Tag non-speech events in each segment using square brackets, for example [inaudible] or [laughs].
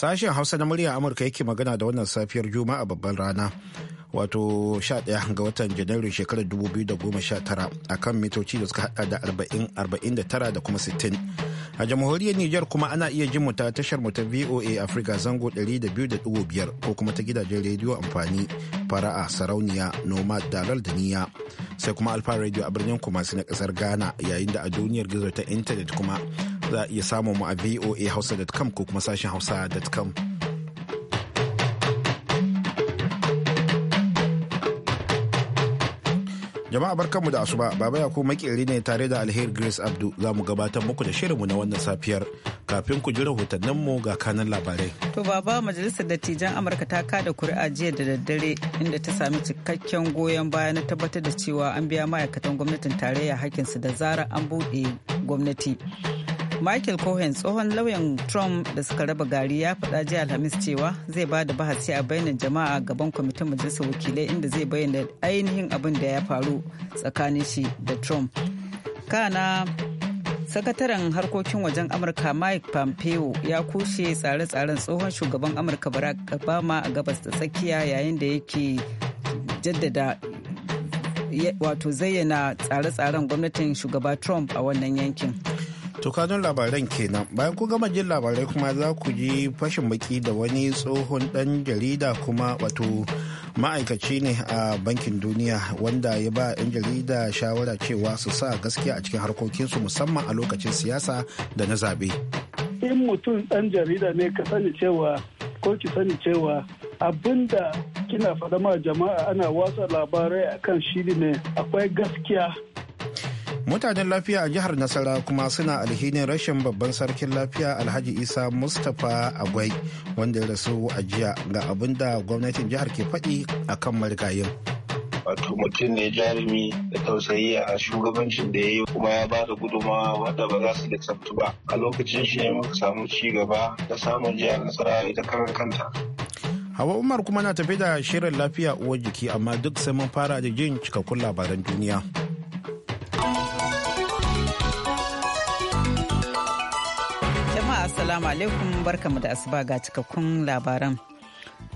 Sashen Hausa na murya Amurka yake magana da wannan safiyar Juma'a babban rana. Wato 11 ga watan Janairu shekarar 2019 a kan mitoci da suka hada da 40, 49 da kuma 60. A jamhuriyar Nijar kuma ana iya jin mu ta tashar mu ta VOA Africa zango 200.5 ko kuma ta gidajen rediyo amfani fara'a sarauniya noma dalal da niya sai kuma alfa radio a birnin kuma na kasar Ghana yayin da a duniyar gizo ta intanet kuma za a iya samun mu a voa hausa.com ko kuma sashen hausa.com. Jama'a barkanmu da asuba, Baba ku makeri ne tare da Alheri Grace Abdu za mu gabatar muku da shirinmu na wannan safiyar kafin ku ji mu ga kanan labarai. To Baba Majalisar Dattijan Amurka ta kada kuri'a jiya da daddare inda ta sami cikakken goyon baya na tabbatar da cewa an biya ma'aikatan gwamnatin tarayya hakkinsu da zarar an buɗe gwamnati. michael cohen tsohon lauyan trump da suka raba gari ya faɗa jiya alhamis cewa zai ba da bahasi a bayanan jama'a gaban kwamitin majalisar wakilai inda zai bayyana ainihin abin da ya faru tsakanin shi da trump kana sakataren harkokin wajen amurka mike pompeo ya kushe tsare-tsaren tsohon shugaban amurka barack obama a gabas da tsakiya yayin da yake jaddada wato zayyana tsare-tsaren gwamnatin shugaba trump a wannan yankin tukanun labaran kenan bayan ku gama jin labarai kuma za ku ji fashin baki da wani tsohon dan jarida kuma wato ma'aikaci ne a bankin duniya wanda ya ba 'yan jarida shawara cewa su sa gaskiya a cikin harkokinsu musamman a lokacin siyasa da na zaɓe. in mutum dan jarida ne ka sani cewa ko ki sani cewa abinda kina fadama ma jama'a ana watsa labarai akan shi ne akwai gaskiya mutanen lafiya a jihar nasara kuma suna alhinin rashin babban sarkin lafiya alhaji isa mustapha agwai wanda ya rasu a jiya ga abin da gwamnatin jihar ke faɗi a kan marigayin wato mutum ne jarumi da tausayi a shugabancin da ya yi kuma ya ba da guduma wadda ba za su da tsabtu ba a lokacin shi ne muka samu ci gaba da samun jihar nasara ita karan kanta Hawa Umar kuma na tafi da shirin lafiya uwar jiki amma duk sai mun fara da jin cikakkun labaran duniya. Assalamu alaikum barkamu da asuba ga cikakkun labaran.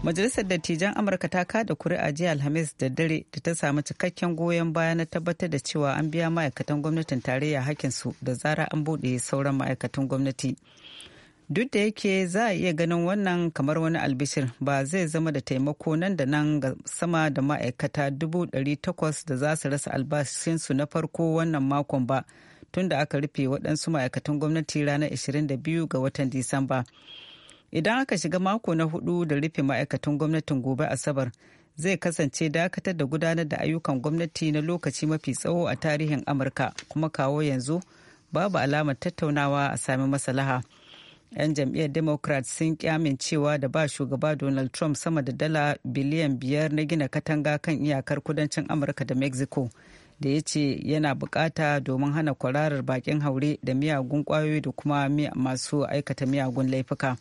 Majalisar Dattijan Amurka ta kada kuri'a jiya Alhamis da dare da ta samu cikakken goyon baya na tabbatar da cewa an biya ma'aikatan gwamnatin tarayya hakinsu da zara an buɗe sauran ma'aikatan gwamnati. Duk da yake za a iya ganin wannan kamar wani albishir ba zai zama da taimako nan da nan ga sama da ma'aikata dubu ɗari takwas da za su rasa albashinsu na farko wannan makon ba. tun da aka rufe waɗansu ma'aikatan gwamnati ranar 22 ga watan Disamba. Idan aka shiga mako na hudu da rufe ma'aikatan gwamnatin gobe Asabar, zai kasance dakatar da gudanar da ayyukan gwamnati na lokaci mafi tsawo a tarihin Amurka kuma kawo yanzu babu alamar tattaunawa a sami masallaha. 'yan jam'iyyar democrat sun amincewa da ba shugaba donald trump sama da dala biliyan biyar na gina katanga kan iyakar kudancin amurka da mexico da ya ce yana bukata domin hana kwararar bakin haure da miyagun kwayoyi da kuma masu aikata miyagun laifuka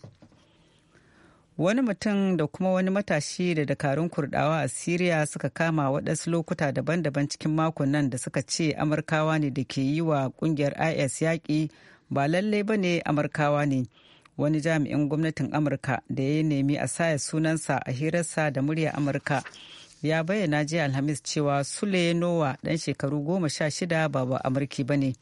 wani mutum da kuma wani matashi da dakarun kurdawa a syria suka kama waɗansu lokuta daban-daban cikin makon nan da suka ce amurkawa ne da ke yi wa ƙungiyar is yaƙi ba lallai ba ne amurkawa ne wani jami'in gwamnatin amurka da ya nemi a saya sunansa a hirarsa da murya amurka ya bayyana jiya alhamis cewa sule nowa dan shekaru goma sha shida ba ba amurki ba ne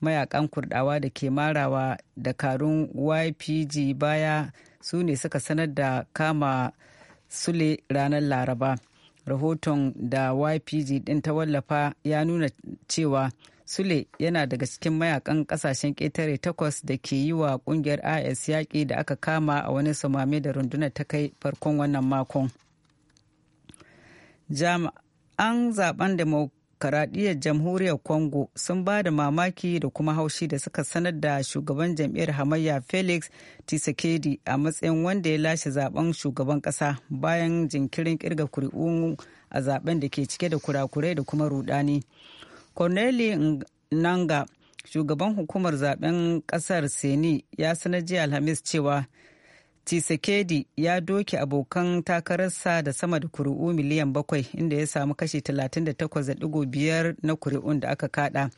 mayakan kurdawa da ke marawa dakarun ypg baya su ne suka sanar da kama sule ranar laraba rahoton da ypg din ta wallafa ya nuna cewa sule yana daga cikin mayakan kasashen ƙetare takwas da ke yi wa kungiyar is yaƙi da aka kama a wani samame da rundunar ta kai farkon wannan makon. jami'an zaben demokaradiyyar jamhuriyar congo sun ba da mamaki da kuma haushi da suka sanar da shugaban jam'iyyar hamayya felix tisakedi a matsayin wanda ya lashe zaben shugaban kasa bayan jinkirin kirga kuri'u a zaben da ke cike da kurakurai da kuma rudani corneli nanga shugaban hukumar zaben kasar seni ya sanar jiya alhamis cewa tisekedi ya doke abokan takararsa da sama da kuri'u miliyan bakwai inda ya samu kashi 38.5 na kuri'un da aka kada.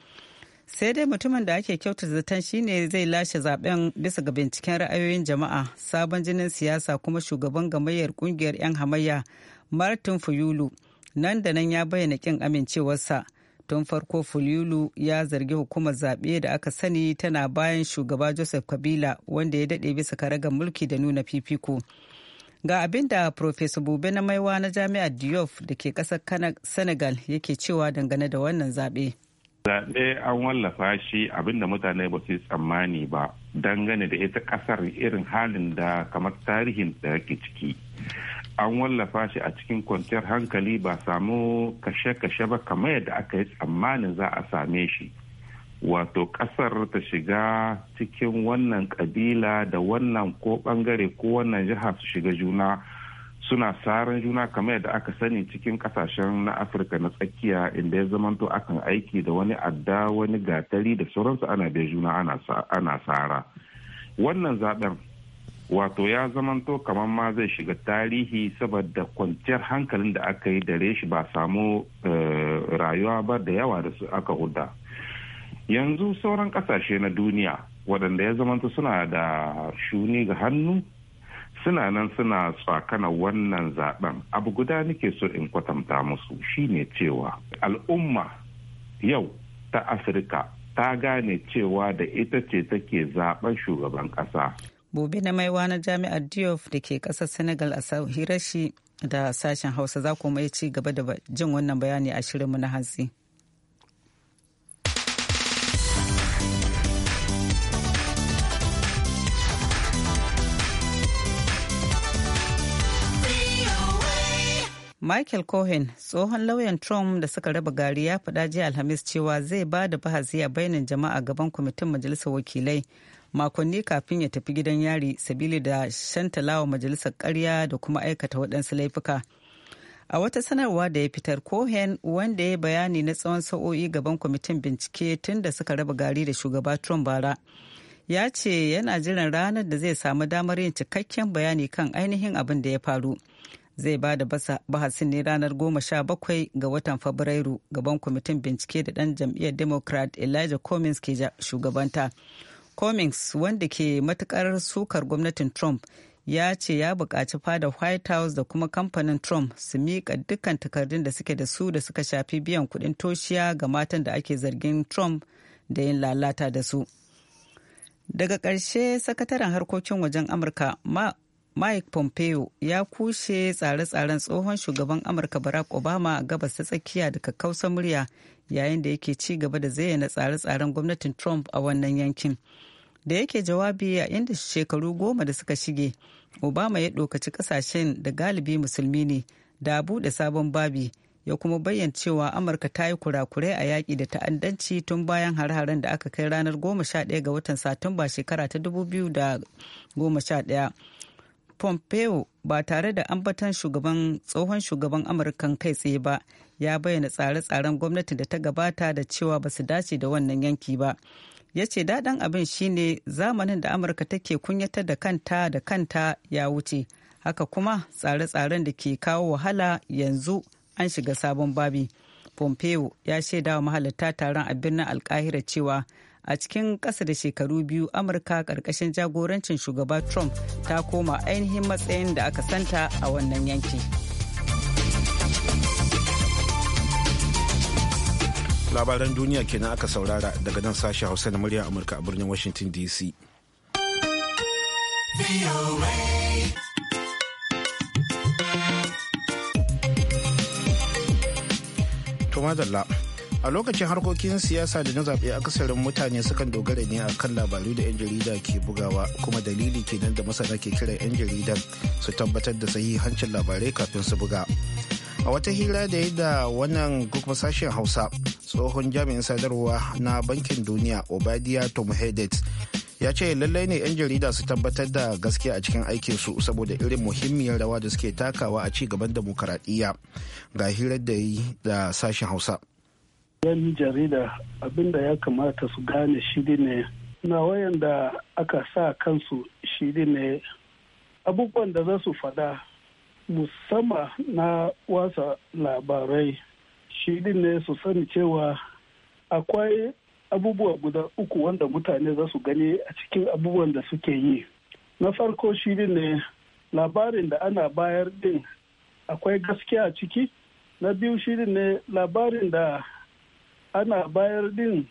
Sai dai mutumin da ake kyautar zaton shine zai lashe zaben bisa ga binciken ra'ayoyin jama'a sabon jinin siyasa kuma shugaban gamayyar kungiyar 'yan hamayya Martin fuyulu nan da nan ya bayyana kin amincewarsa. tun farko fulilu ya zargi hukumar zaɓe da aka sani tana bayan shugaba joseph kabila wanda ya daɗe bisa karagar mulki da nuna fifiko ga abin da profesa bobe na maiwa na jami'ar diop da ke ƙasar senegal yake cewa dangane da wannan zaɓe zaɓe an wallafa shi abinda mutane ba su yi tsammani ba dangane da ita ƙasar irin halin da kamar tarihin da yake ciki an wallafa shi a cikin kwanciyar hankali ba samu kashe-kashe ba kamar yadda aka yi tsammanin za a same shi wato kasar ta shiga cikin wannan kabila da wannan ko bangare ko wannan jiha su shiga juna suna saran juna kamar yadda aka sani cikin kasashen na afirka na tsakiya inda ya zamanto akan aiki da wani adda wani gatari da sauransu ana bai juna ana sara wannan zaben wato ya zamanto kamar ma zai shiga tarihi saboda kwanciyar hankalin da aka yi dare shi ba samu eh, rayuwa ba da yawa da su aka huda yanzu sauran kasashe na duniya waɗanda ya zamanto suna da shuni ga hannu suna nan suna tsakana wannan zaben abu guda nake so in kwatanta musu shine cewa al'umma yau ta afirka ta gane cewa da ita ce take zaben shugaban ƙasa bobe na maiwa na jami'ar diof da ke kasar senegal a hirar da sashen hausa za ku mai ci gaba da jin wannan bayani a shirinmu na hantsi. Michael Cohen, tsohon lauyan Trump da suka raba gari ya faɗa jiya Alhamis cewa zai ba da bahasi a bainin jama'a gaban kwamitin Majalisar Wakilai makonni kafin ya tafi gidan yari sabili da shantalawa majalisar karya da kuma aikata waɗansu laifuka. A wata sanarwa da ya fitar Cohen wanda ya bayani na tsawon sa'o'i gaban kwamitin bincike tun da suka raba gari da shugaba Trump bara. Ya ce yana jiran ranar da zai samu damar yin cikakken bayani kan ainihin abin da ya faru. Zai ba da bahasin ne ranar goma sha bakwai ga watan Fabrairu gaban kwamitin bincike da ɗan jam'iyyar Democrat Elijah Cummings ke shugabanta. Cummings wanda ke matukar sukar gwamnatin Trump ya ce ya bukaci fada White House da kuma kamfanin Trump su miƙa dukkan takardun da suke da su da suka shafi biyan kuɗin toshiya ga matan da ake zargin Trump da yin lalata da su. Daga ƙarshe sakataren harkokin wajen Amurka mike pompeo ya kushe tsare-tsaren tsohon shugaban amurka barack obama a gabas ta tsakiya da kakkausa murya yayin da yake ci gaba da zayyana tsare-tsaren gwamnatin trump a wannan yankin da yake jawabi a inda shekaru goma da suka shige obama ya ɗokaci kasashen da galibi musulmi ne da buɗe sabon babi ya kuma bayyana cewa amurka ta yi kurakurai a yaƙi da ta'addanci tun bayan har-haren da aka kai ranar sha 11 ga watan satumba shekara ta dubu biyu da goma sha ɗaya. pompeo ba tare da ambatan shugaban tsohon shugaban amurkan kai tsaye ba ya bayyana tsare-tsaren gwamnati da ta gabata da cewa ba su dace da wannan yanki ba ya ce daɗin abin shine zamanin da amurka take kunyatar da kanta da kanta ya wuce haka kuma tsare-tsaren da ke kawo wahala yanzu an shiga sabon babi pompeo ya shaida wa mahalarta taron a birnin alkahira cewa a cikin ƙasa da shekaru biyu amurka ƙarƙashin jagorancin shugaba trump ta koma ainihin matsayin da aka santa a wannan yanki labaran duniya kenan aka saurara daga nan sashen hausa na murya amurka a birnin washington dc to a lokacin harkokin siyasa da na zaɓe akasarin mutane sukan dogara ne a kan labaru da 'yan jarida ke bugawa kuma dalili kenan da masana ke kiran 'yan jaridan su tabbatar da sahihancin labarai kafin su buga a wata hira da ya da wannan kuma sashen hausa tsohon jami'in sadarwa na bankin duniya obadiya tom hedet ya ce lallai ne 'yan jarida su tabbatar da gaskiya a cikin aikinsu saboda irin muhimmiyar rawa da suke takawa a ci gaban demokaradiyya ga hirar da yi da sashen hausa yan jarida abinda ya kamata su gane shi ne na wayanda aka sa kansu shi ne abubuwan da za su fada musamman na wasa labarai shi ne su sani cewa akwai abubuwa guda uku wanda mutane za su gani a cikin abubuwan da suke yi na farko shi ne labarin da ana bayar din akwai gaskiya ciki na biyu shi ne labarin da ana bayar din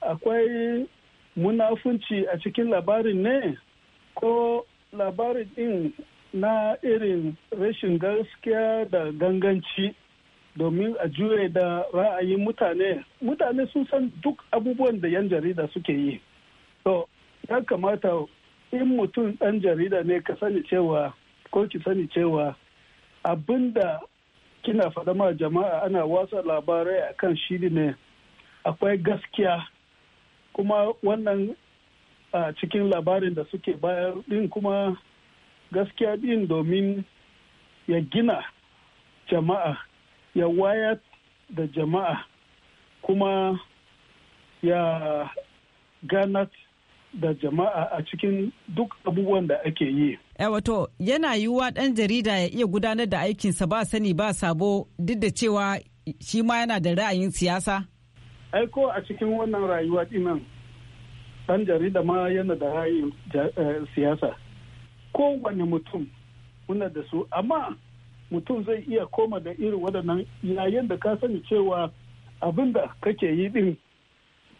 akwai munafunci a cikin labarin ne ko labarin din na irin rashin gaskiya da ganganci domin a jure da ra'ayin mutane mutane sun san duk abubuwan da 'yan jarida suke yi to ya kamata in mutum ɗan jarida ne ka sani cewa ko ki sani cewa abinda kina faɗa ma jama'a ana wasa labarai a kan shi ne akwai gaskiya kuma wannan a cikin labarin da suke bayar din kuma gaskiya din domin ya gina jama'a ya wayar da jama'a kuma ya ganat da jama'a a cikin duk abubuwan da ake yi. Eh, wato yana yiwuwa ɗan jarida ya iya gudanar da aikinsa ba sani ba sabo duk da cewa shi ma yana da ra'ayin siyasa? aiko a cikin wannan rayuwa dinan ɗan jarida ma yana da rayin eh, siyasa kowane mutum muna da su amma mutum zai iya koma da irin waɗannan yayin da ka sani cewa abinda da kake yi din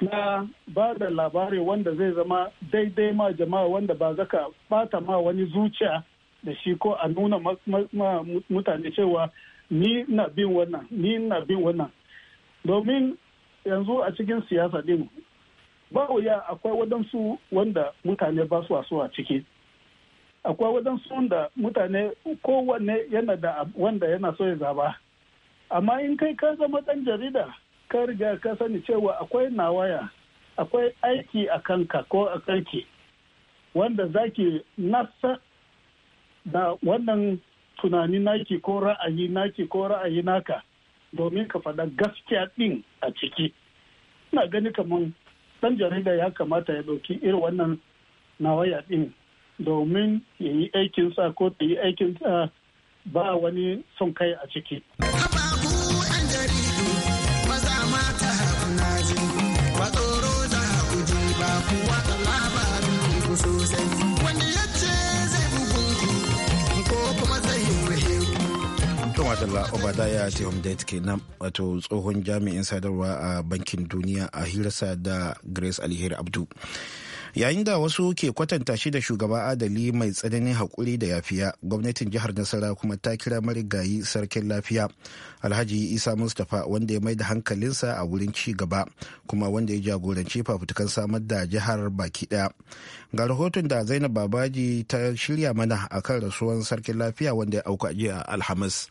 na ba da labari wanda zai zama daidai ma jama'a wanda ba zaka bata ma wani zuciya da shi ko a nuna mutane cewa ni na bin wannan domin yanzu a cikin siyasa ɗin ba wuya akwai waɗansu wanda mutane ba su so a ciki akwai waɗansu wanda mutane kowanne yana da wanda yana so ya zaba amma in kai ka zama ɗan jarida ka riga ka sani cewa akwai nawaya akwai aiki a kanka ko a karki wanda zaki nasa da wannan tunani naki ko ra'ayi naki ko ra'ayi naka domin ka faɗa gaskiya ɗin a ciki ina gani kamar dan jarida ya kamata ya dauki irin wannan nawaya ɗin domin ya yi aikin sa ko ta yi aikin sa ba wani son kai a ciki. Sosai. madalla obadaya tehomdet kenan wato tsohon jami'in sadarwa a bankin duniya a hirsa da grace alheri abdu yayin da wasu ke kwatanta shi da shugaba adali mai tsananin haƙuri da yafiya gwamnatin jihar nasara kuma ta kira marigayi sarkin lafiya alhaji isa mustapha wanda ya mai da hankalinsa a wurin ci gaba kuma wanda ya jagoranci fafutukan samar da jihar baki ɗaya ga rahoton da zainab babaji ta shirya mana akan rasuwan sarkin lafiya wanda ya auka a alhamis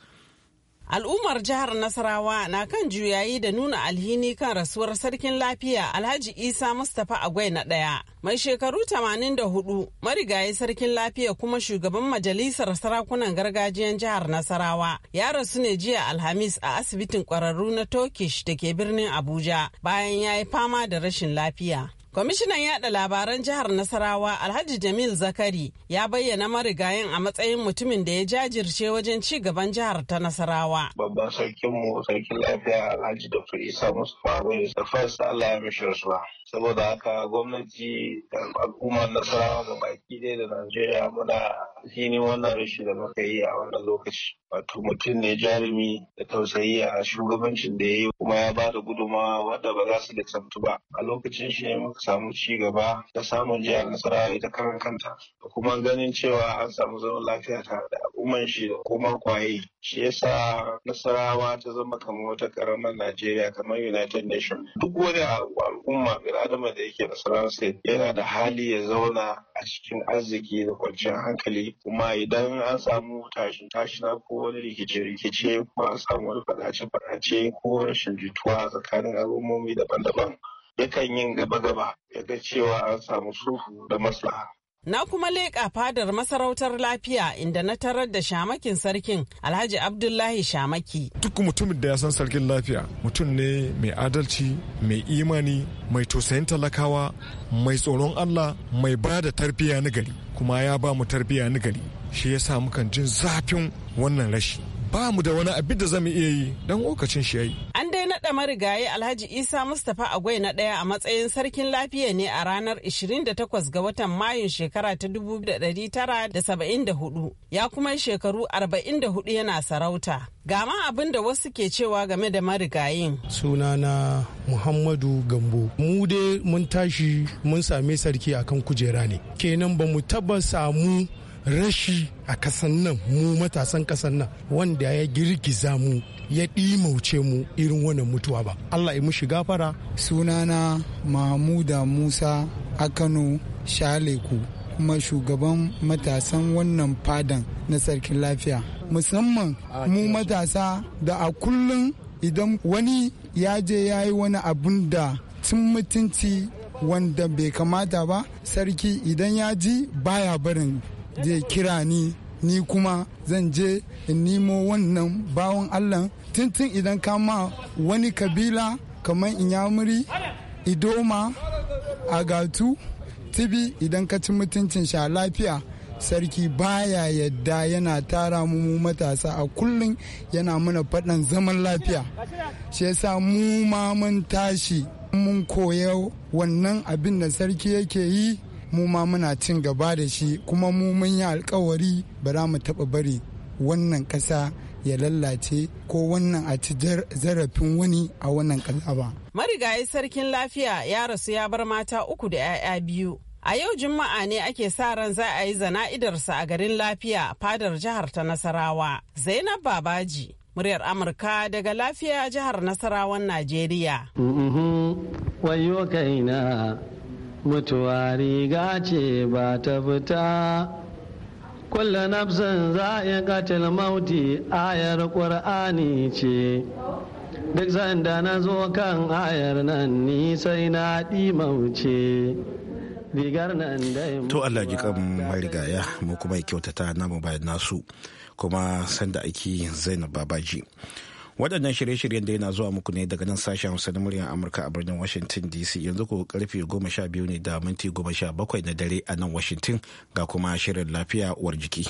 Al'ummar jihar Nasarawa na kan juyayi da nuna alhini kan rasuwar sarkin lafiya Alhaji Isa Mustapha Agwai na ɗaya. Mai shekaru 84 marigayi sarkin lafiya kuma shugaban majalisar sarakunan gargajiyan jihar Nasarawa ya rasu ne jiya Alhamis a asibitin kwararru na Turkish da ke birnin Abuja bayan ya yi fama da rashin lafiya. Kwamishinan yaɗa labaran jihar Nasarawa Alhaji Jamil Zakari ya bayyana marigayin a matsayin mutumin da ya jajirce wajen ci gaban jihar ta Nasarawa. Babban sarkin sarkin lafiya Alhaji da Isa Mustapha Roy da Allah ya mishi rasuwa. Saboda haka gwamnati da al'ummar Nasarawa ga baki ɗaya da Najeriya muna hini wannan rashi da muka yi a wannan lokaci. Wato mutum ne jarumi da tausayi a shugabancin da ya yi kuma ya ba da gudunmawa wadda ba za su da ba. A lokacin shi ne samu ci gaba da samun jiya nasara ita kan kanta da kuma ganin cewa an samu zaman lafiya tare da al'umman shi da kuma kwaye shi yasa nasarawa ta zama kamar wata karamar najeriya kamar united Nation. duk wani al'umma bil'adama da yake sai yana da hali ya zauna a cikin arziki da kwanciyar hankali kuma idan an samu tashin tashin ko wani rikice-rikice ko an samu wani fadace-fadace ko rashin jituwa tsakanin al'ummomi daban-daban yakan yin gaba-gaba ya ga cewa an samu sulhu da maslaha. Na kuma leƙa fadar masarautar lafiya inda na tarar da shamakin sarkin Alhaji Abdullahi Shamaki. Duk mutumin da ya san sarkin lafiya mutum ne mai adalci, mai imani, mai tausayin talakawa, mai tsoron Allah, mai ba da tarbiya na gari, kuma ya ba mu tarbiyya na gari. Shi ya sa mukan jin zafin wannan rashi. ba mu da wani abin da mu iya yi don lokacin shi yayi an dai naɗa marigayi alhaji isa mustapha agwai na ɗaya a matsayin sarkin lafiya ne a ranar 28 ga watan mayun shekara ta 1974 ya kuma shekaru 44 yana sarauta gama abin da wasu ke cewa game da marigayin sunana muhammadu gambo mu dai mun tashi mun same sarki akan kujera ne kenan ba mu taba samu rashi a kasan nan mu matasan kasan nan wanda ya girgiza mu ya ɗimauce mu irin wannan mutuwa ba allah ya mushi gafara sunana mahmuda musa a kano shaleku kuma shugaban matasan wannan fadan na sarkin lafiya musamman mu matasa da a kullum idan wani ya je ya yi wani abun da cin mutunci wanda bai kamata ba sarki idan ya ji baya barin je kira ni ni kuma zan je in nemo wannan bawon allah tuntun idan kama wani kabila kamar inyamuri idoma agatu tibi idan ka ci mutuncin sha lafiya sarki baya yadda yana tara mu matasa a kullum yana mana faɗan zaman lafiya shi yasa mu ma mun tashi mun koya wannan abin da sarki yake yi mu ma muna cin gaba da shi kuma mu mun yi alkawari ba za mu taɓa bari wannan ƙasa ya lallace ko wannan a ci zarafin wani a wannan ƙasa ba. Marigayi sarkin lafiya ya rasu ya bar mata uku da 'ya'ya biyu. A yau Juma'a ne ake sa ran za a yi zana'idarsa a garin lafiya fadar jihar ta Nasarawa. Zainab Babaji, muryar Amurka daga lafiya jihar Nasarawan Najeriya. Mm-hmm. mutuwa riga ce ba ta fita kulle nafsin za a yi katil mauti ayar ƙwar'ani ce duk sanda na zo kan ayar nan ni sai na mauce rigar nan dai to Allah ji kan mai rigaya mu kuma ya kyautata namu bayan nasu kuma sanda zai zainab babaji waɗannan shirye-shiryen da yana zuwa muku ne daga nan sashen hausa na muryar amurka a birnin washington dc yanzu ko karfe goma sha biyu ne da minti goma sha bakwai na dare a nan washington ga kuma shirin lafiya uwar jiki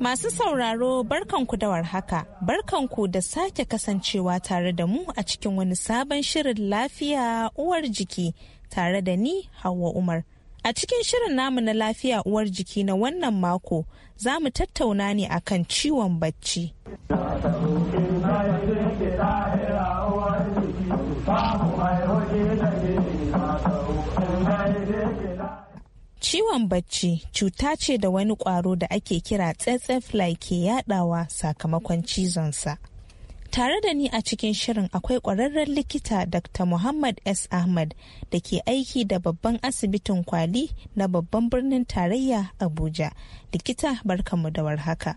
Masu sauraro barkanku da warhaka, barkanku da sake kasancewa tare da mu a cikin wani sabon shirin lafiya uwar jiki tare da ni Hauwa Umar. A cikin shirin namu na lafiya uwar jiki na wannan mako za mu tattauna ne akan ciwon bacci. Ciwon bacci cuta ce da wani ƙwaro da ake kira tsetse fly ke yadawa sakamakon cizon sa. Tare da ni a cikin shirin akwai ƙwararren likita Dr. Muhammad S. Ahmad da ke aiki da babban asibitin kwali na babban birnin tarayya Abuja. Likita barkanmu da warhaka.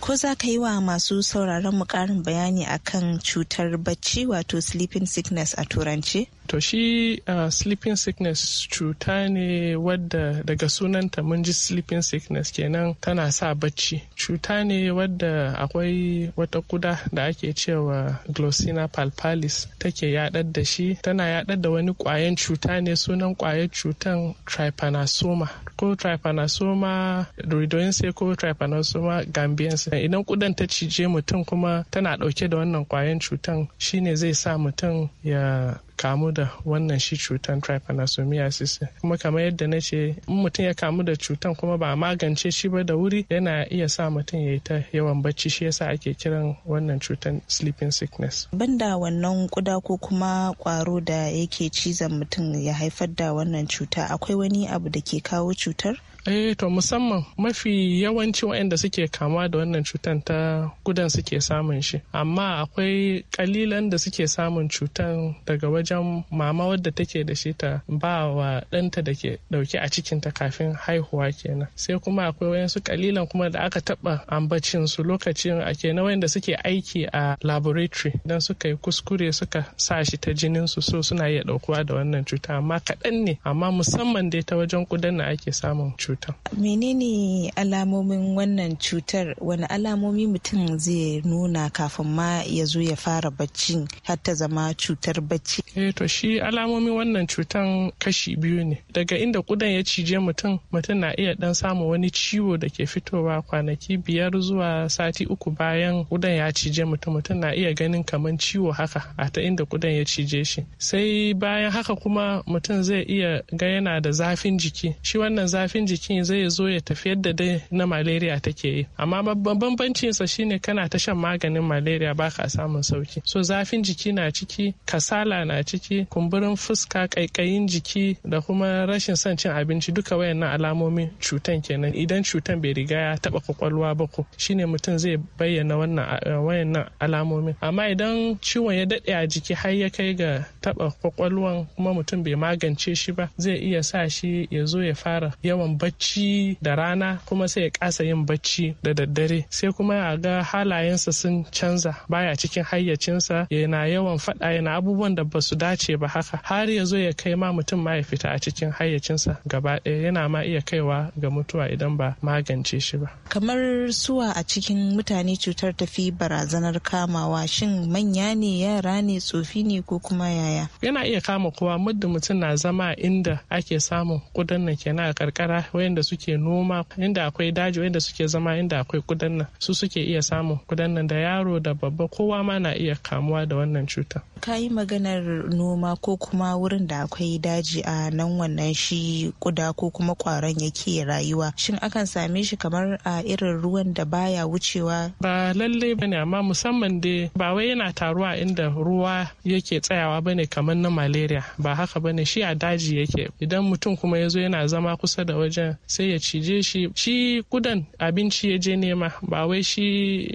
Ko za ka yi wa masu sauraron mu ƙarin bayani akan cutar bacci wato sleeping sickness a turance? to shi uh, sleeping sickness cuta ne wadda daga sunanta mun ji sleeping sickness kenan tana sa bacci cuta ne wadda akwai wata kuda da ake cewa glossina palpalis take yadar da shi tana yadar da wani kwayan cuta ne sunan kwayan cutan trypanosoma ko trypanosoma rhodoense ko trypanosoma gambiense idan kudan ta cije mutum kuma tana dauke da wannan kwayan cutan shine zai sa mutum ya kamu da wannan shi cutan trypanosomiasis kuma kamar yadda na ce in mutum ya kamu da cutan kuma ba a magance shi ba da wuri yana iya sa mutum ya yi ta yawan bacci shi yasa ake kiran wannan cutan sleeping sickness banda wannan kuda ko kuma kwaro da yake cizon mutum ya haifar da wannan cuta akwai wani abu da ke kawo cutar Eh to musamman mafi yawanci waɗanda suke kama da wannan cutan ta gudan suke samun shi. Amma akwai kalilan da suke samun cutan daga wajen mama wadda take da shi ta ba wa ɗanta da ke ɗauke a cikinta kafin haihuwa kenan. Sai kuma akwai wayansu kalilan kuma da aka taɓa ambacin su lokacin a kenan wayanda suke aiki a laboratory dan suka yi kuskure suka sa shi ta jinin su so suna iya ɗaukuwa da wannan cuta amma kaɗan ne amma musamman dai ta wajen kudan na ake samun cuta. cutar. Menene alamomin wannan cutar wani alamomi mutum zai nuna kafin ma ya zo ya fara bacci har ta zama cutar bacci? Eh to shi alamomi wannan cutar kashi biyu ne. Daga inda kudan ya cije mutum mutum na iya dan samun wani ciwo da ke fitowa kwanaki biyar zuwa sati uku bayan kudan ya cije mutum mutum na iya ganin kaman ciwo haka a ta inda kudan ya cije shi. Sai bayan haka kuma mutum zai iya ga yana da zafin jiki. Shi wannan zafin jiki aikin zai zo ya tafi yadda dai na malaria take yi amma babban bambancinsa shine kana ta shan maganin malaria ba ka samun sauki so zafin jiki na ciki kasala na ciki kumburin fuska kaikayin jiki da kuma rashin son cin abinci duka wayannan alamomi cutan kenan idan cutan bai riga ya taba kwakwalwa ba ko shine mutum zai bayyana wannan eh, wayannan alamomin amma idan ciwon ya dade a jiki har ya kai ga taba kwakwalwan kuma mutum bai magance shi ba zai iya sa shi ya zo ya fara yawan bacci bacci da rana kuma sai ya kasa yin bacci da daddare sai kuma ya ga halayensa sun canza baya cikin hayyacinsa yana yawan faɗa yana abubuwan da ba su dace ba haka har ya zo ya kai ma mutum ma ya fita a cikin hayyacinsa gaba ɗaya yana ma iya kaiwa ga mutuwa idan ba magance shi ba kamar suwa a cikin mutane cutar tafi barazanar kamawa shin manya ne yara ne tsofi ne ko kuma yaya yana iya kama kowa muddin mutum na zama inda ake samun kudan nan kenan a karkara wayanda suke noma inda akwai daji inda suke zama inda akwai kudan su suke iya samun kudan da yaro da babba kowa ma na iya kamuwa da wannan cuta ka yi maganar noma ko kuma wurin da akwai daji a nan wannan shi kuda ko kuma kwaron yake rayuwa shin akan same shi kamar a irin ruwan da baya wucewa ba lallai ne amma musamman da ba wai yana taruwa inda ruwa yake tsayawa bane kamar na malaria ba haka bane shi a daji yake idan mutum kuma ya zo yana zama kusa da wajen sai ya cije shi shi kudan abinci ya je nema ba wai shi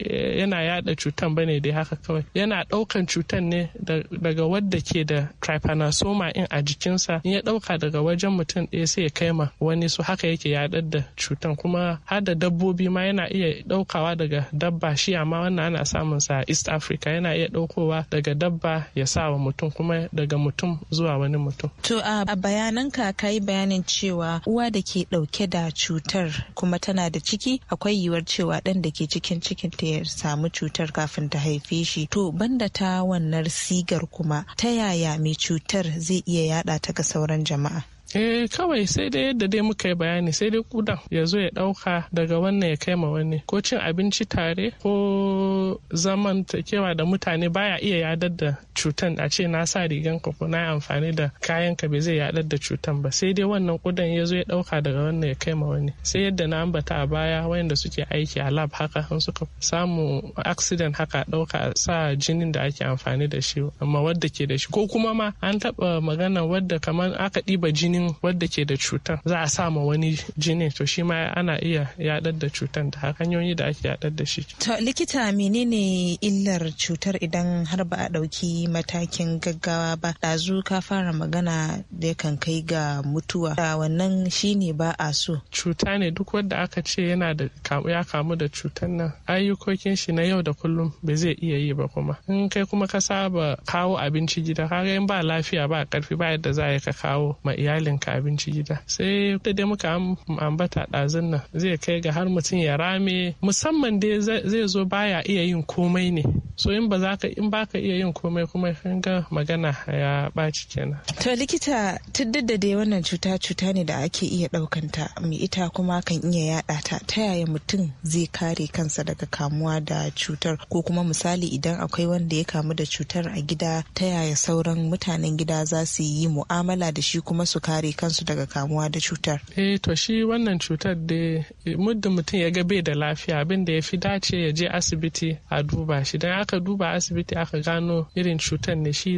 eh, yana yada cutan bane dai haka kawai yana daukan cutan ne daga wadda ke da trypanosoma in a jikinsa in ya dauka daga wajen mutum ɗaya sai ya kai ma wani su haka yake yadar da cutan kuma har da dabbobi ma yana iya daukawa daga dabba shi amma wannan ana samun sa East Africa yana iya daukowa daga dabba ya sa wa mutum kuma daga mutum zuwa wani mutum to a bayananka kai bayanin cewa uwa da ke dauke da cutar kuma tana da ciki akwai yiwuwar cewa ɗan da ke cikin cikin ta ya samu cutar kafin ta haife shi to banda ta wannan sigar kuma ta yaya mai cutar zai iya yada ta ga sauran jama'a eh kawai sai dai yadda dai muka yi bayani sai dai kudan ya zo ya dauka daga wannan ya kai ma wani ko cin abinci tare ko zaman kewa da mutane baya iya yadar da cutan a ce na sa rigan ka ko na amfani da kayan ka bai zai yadar da cutan ba sai dai wannan kudan ya zo ya dauka daga wannan ya kai ma wani sai yadda na ambata a baya wayanda suke aiki a lab haka sun suka samu accident haka dauka sa jinin da ake amfani da shi amma wadda ke da shi ko kuma ma an taba magana wadda kamar aka ɗiba jinin jinin wadda ke da cutar za a sa ma wani jini to shi ma ana iya yaɗar da cutar da hanyoyi da ake yaɗar da shi. To likita menene illar cutar idan har ba a ɗauki matakin gaggawa ba ɗazu ka fara magana da ya kan kai ga mutuwa da wannan shine ba a so. Cuta ne duk wadda aka ce yana da ya kamu da cutar nan ayyukokin shi na yau da kullum ba zai iya yi ba kuma in kai kuma ka saba kawo abinci gida kaga in ba lafiya ba karfi ba yadda za ka kawo ma iyalin ka abinci gida sai da dai muka ambata ɗazun nan zai kai ga har mutum ya rame musamman dai zai zo baya iya yin komai ne so in ba za ka in ba ka iya yin komai kuma kan ga magana ya baci kenan to likita duk da dai wannan cuta cuta ne da ake iya ɗaukanta mai ita kuma kan iya yaɗa ta ta yaya mutum zai kare kansa daga kamuwa da cutar ko kuma misali idan akwai wanda ya kamu da cutar a gida ta yaya sauran mutanen gida za su yi mu'amala da shi kuma su kare kansu daga kamuwa da cutar eh to shi wannan cutar da muddin mutum ya ga bai da lafiya abin da ya fi dace ya je asibiti a duba shi don aka duba asibiti aka gano irin cutar ne shi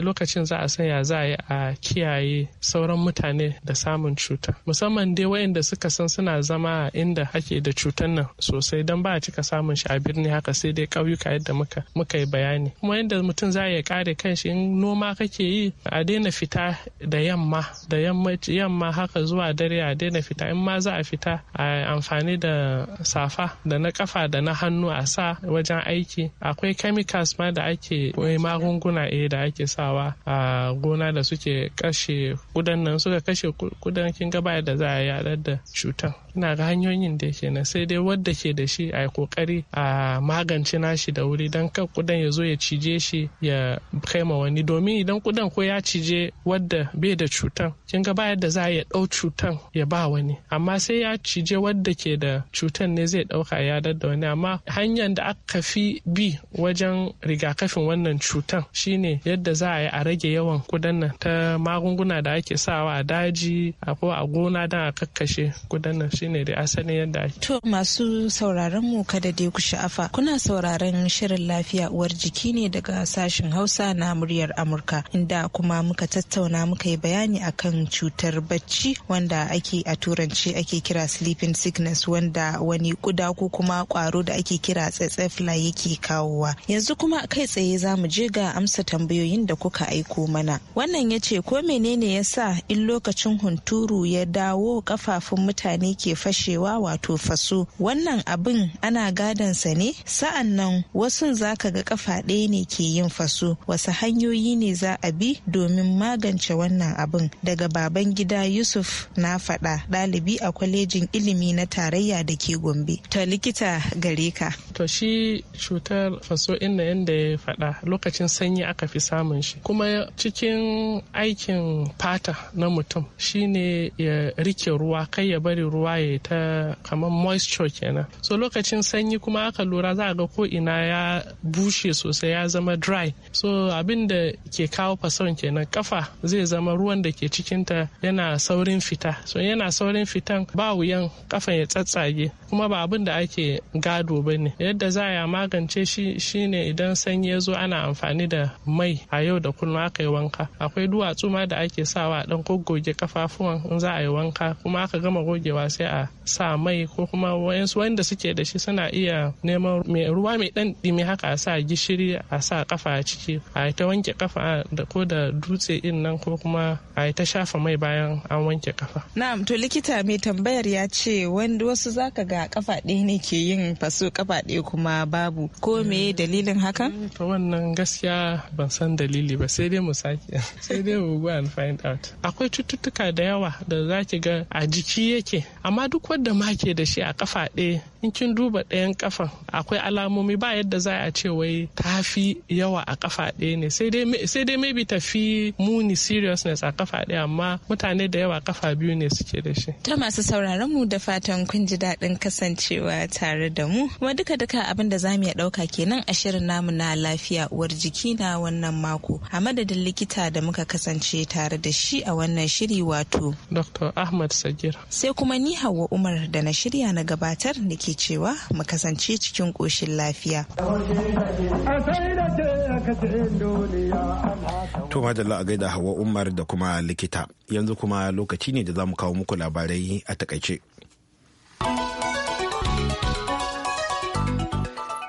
lokacin za a san za a yi a kiyaye sauran mutane da samun cuta musamman dai wayanda suka san suna zama inda ake da cutar nan sosai don ba a cika samun shi a birni haka sai dai ƙauyuka yadda muka muka yi bayani kuma yadda mutum za ya kare kanshi in noma kake yi a daina fita da yamma da yamma haka zuwa dare a daina fita in ma za a fita a amfani da safa da na kafa da na hannu a sa wajen aiki akwai akwai chemicals ma da ake magunguna eh da ake sawa a gona da suke kashe kudan nan suka kashe kudan kin gaba da za a yadar da cutan ina ga hanyoyin da yake nan sai dai wadda ke da shi a kokari a magance nashi da wuri dan kan kudan ya zo ya cije shi ya kai ma wani domin idan kudan ko ya cije wadda bai da cutan kin ga bayar da za a ya dau cutan ya ba wani amma sai ya cije wadda ke da cutan ne zai dauka ya da wani amma hanyar da aka fi bi wajen rigakafin wannan cutan shine yadda za a yi a rage yawan kudan nan ta magunguna da ake sawa a daji a ko a gona don a kakkashe kudan nan shine da asalin yadda ake. To masu sauraron mu kada dai ku sha'afa kuna sauraron shirin lafiya uwar jiki ne daga sashen Hausa na muryar Amurka inda kuma muka tattauna muka yi bayani akan cutar bacci wanda ake a turanci ake kira sleeping sickness wanda wani kuda ko kuma kwaro da ake kira tsetse fly yake kawowa. yanzu kuma kai tsaye za mu je ga amsa tambayoyin da kuka aiko mana wannan ya ce ko menene ya sa in lokacin hunturu ya dawo kafafun mutane ke fashewa wato faso wannan abin ana gadansa ne sa'an nan za ka ga kafa ɗaya ne ke yin faso wasu hanyoyi ne za a bi domin magance wannan abin daga baban gida yusuf na faɗa ɗalibi a kwalejin ilimi na tarayya da ke gombe ta likita gare ka faso inda yanda ya faɗa lokacin sanyi aka fi samun shi kuma cikin aikin fata na mutum shine ya rike ruwa kai ya bari ruwa ya ta kamar moisture kenan so lokacin sanyi kuma aka lura za a ga ko ina ya bushe sosai ya zama dry so abin da ke kawo fason kenan kafa zai zama ruwan da ke cikin ta yana saurin fita so yana saurin fitan ba wuyan kafan ya tsatsage kuma ba abin da ake gado ba ne yadda za a magance shi shine idan sanyi ya zo ana amfani da mai a yau da kullum aka yi wanka akwai duwatsu ma da ake sawa dan goggoge kafafuwan in za a yi wanka kuma aka gama gogewa sai a sa mai ko kuma wayansu wanda suke da shi suna iya neman mai ruwa mai dan dimi haka a sa gishiri a sa kafa a ciki a ta wanke kafa da ko da dutse din nan ko kuma a ta shafa mai bayan an wanke kafa na'am to likita mai tambayar ya ce wanda wasu zaka ga kafa ɗaya ne ke yin faso kafa ɗaya kuma babu ko me dalilin hakan? Mm, to wannan gaskiya ban san dalili ba sai dai mu sake [laughs] sai dai mu go and find out akwai cututtuka da yawa da za ki ga a jiki yake amma duk wanda ma ke da shi a kafa ɗaya in kin duba ɗayan kafan akwai alamomi ba yadda za a ce wai tafi yawa a kafa ɗaya ne sai dai maybe tafi muni seriousness a kafa ɗaya amma mutane da yawa kafa biyu ne suke da shi ta masu sauraron mu da fatan kun ji daɗin kasancewa tare da mu kuma duka duka abin da za mu iya ɗauka kenan a shirin namu na lafiya uwar jiki na wannan mako a madadin likita da muka kasance tare da shi a wannan shiri wato dr ahmad sagir sai kuma ni hawa umar da na shirya na gabatar da ke cewa mu kasance cikin koshin lafiya to madalla a gaida hawa umar da kuma likita yanzu kuma lokaci ne da za mu kawo muku labarai a takaice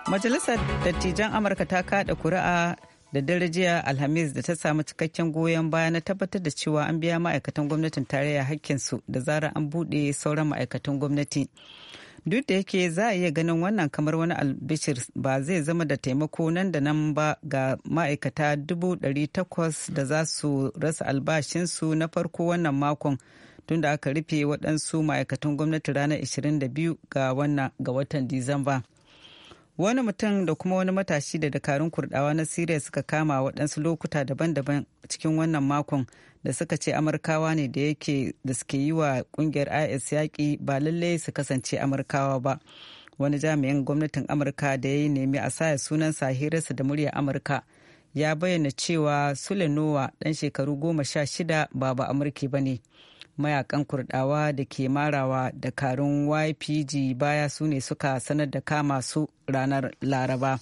Majalisar Dattijan Amurka ta kada kuri'a da darajiya Alhamis da ta samu cikakken goyon baya na tabbatar da cewa an biya ma'aikatan gwamnatin tarayya hakkinsu da zarar an buɗe sauran ma'aikatan gwamnati. Duk da yake za a iya ganin wannan kamar wani albishir ba zai zama da taimako nan da nan ba ga ma'aikata dubu ɗari takwas da za su rasa albashinsu na farko wannan makon tunda aka rufe waɗansu ma'aikatan gwamnati ranar 22 ga watan Disamba. wani mutum da kuma wani matashi da dakarun kurdawa na siriya suka kama waɗansu lokuta daban-daban cikin wannan makon da suka ce amurkawa ne da yake da suke yi wa kungiyar is yaƙi ba lallai su kasance amurkawa ba wani jami'in gwamnatin amurka da ya yi nemi a saya sunan sahirarsa da murya amurka ya bayyana cewa sule nowa ɗan shekaru goma sha shida ba ba amurki ba ne mayakan kurdawa da ke marawa dakarun ypg baya su ne suka sanar da kama su ranar laraba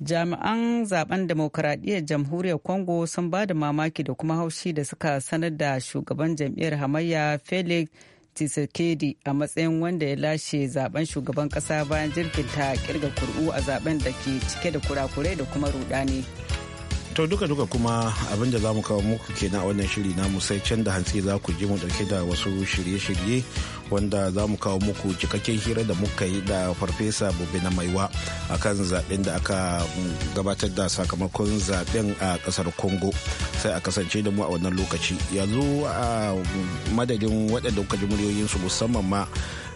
jami'an zaben demokuraɗiyyar jamhuriyar congo sun ba da mamaki da kuma haushi da suka sanar da shugaban jam'iyyar hamayya felix tshisekedi a matsayin wanda ya lashe zaben shugaban ƙasa bayan jirgin ta kirga kur'u a zaben da ke cike da kurakurai da kuma rudani. to duka duka kuma abin da za mu kawo muku kenan a wannan shiri na sai can da hantsi za ku ji mu dauke da wasu shirye-shirye wanda za mu kawo muku cikakken hira da muka yi da farfesa bobe na maiwa a kan zaɓen da aka mm, gabatar da sakamakon zaɓen a ƙasar congo sai a kasance da mu a wannan lokaci yanzu a ah, madadin waɗanda kuka ji muryoyinsu musamman ma